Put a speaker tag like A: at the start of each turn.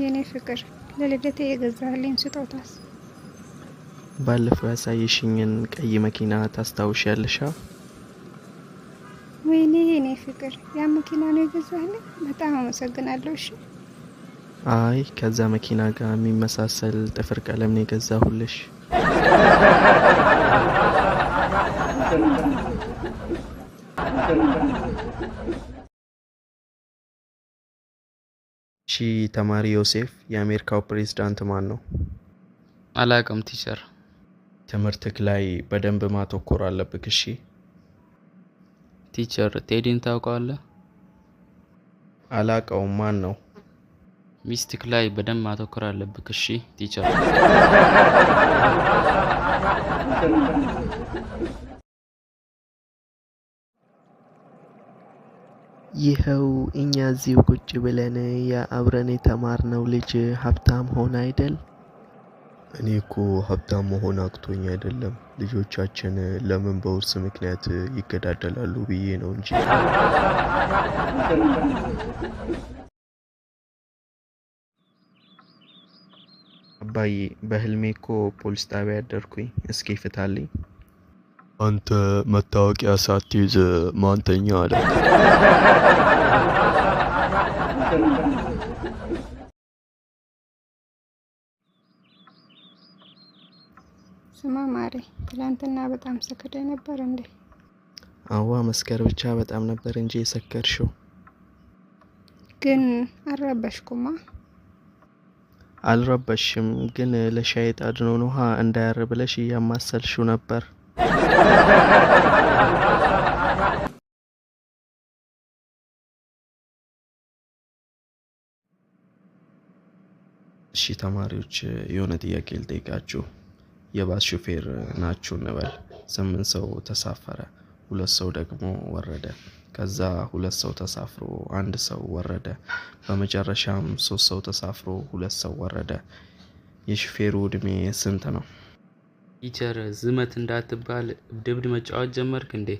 A: የኔ ፍቅር ለልደቴ የገዛልኝ ስጦታስ?
B: ባለፈው ያሳየሽኝን ቀይ መኪና ያለሻ?
A: ወይኔ የኔ ፍቅር ያ መኪና ነው የገዛልኝ! በጣም አመሰግናለሁ። እሺ።
B: አይ ከዛ መኪና ጋር የሚመሳሰል ጥፍር ቀለም ነው የገዛሁልሽ።
C: እሺ ተማሪ ዮሴፍ፣ የአሜሪካው ፕሬዝዳንት ማን ነው?
D: አላቅም ቲቸር።
C: ትምህርትክ ላይ በደንብ ማተኮር አለብክ። እሺ
D: ቲቸር። ቴዲን ታውቀዋለ?
C: አላቀውም። ማን ነው?
D: ሚስትክ ላይ በደንብ ማተኮር አለብክ። እሺ ቲቸር
B: ይኸው እኛ እዚሁ ቁጭ ብለን የአብረን የተማርነው ልጅ ሀብታም ሆነ አይደል?
C: እኔ እኮ ሀብታም መሆን አቅቶኝ አይደለም፣ ልጆቻችን ለምን በውርስ ምክንያት ይገዳደላሉ ብዬ ነው እንጂ።
B: አባዬ፣ በህልሜ እኮ ፖሊስ ጣቢያ ያደርኩኝ፣ እስኪ ፍታልኝ።
C: አንተ መታወቂያ ሳትይዝ ማንተኛ አለ።
A: ስማ ማሬ፣ ትላንትና በጣም ሰክደ ነበር እንዴ?
B: አዋ መስከር ብቻ በጣም ነበር እንጂ የሰከርሽው።
A: ግን አረበሽኩማ።
B: አልረበሽም፣ ግን ለሻይ ጣድኖን ውሃ እንዳያር ብለሽ እያማሰልሽው ነበር።
C: እሺ ተማሪዎች የሆነ ጥያቄ ልጠይቃችሁ። የባስ ሹፌር ናችሁ እንበል። ስምንት ሰው ተሳፈረ፣ ሁለት ሰው ደግሞ ወረደ። ከዛ ሁለት ሰው ተሳፍሮ አንድ ሰው ወረደ። በመጨረሻም ሶስት ሰው ተሳፍሮ ሁለት ሰው ወረደ። የሹፌሩ ዕድሜ ስንት ነው?
D: ቲቸር ዝመት እንዳትባል እብድ እብድ መጫወት ጀመርክ እንዴ?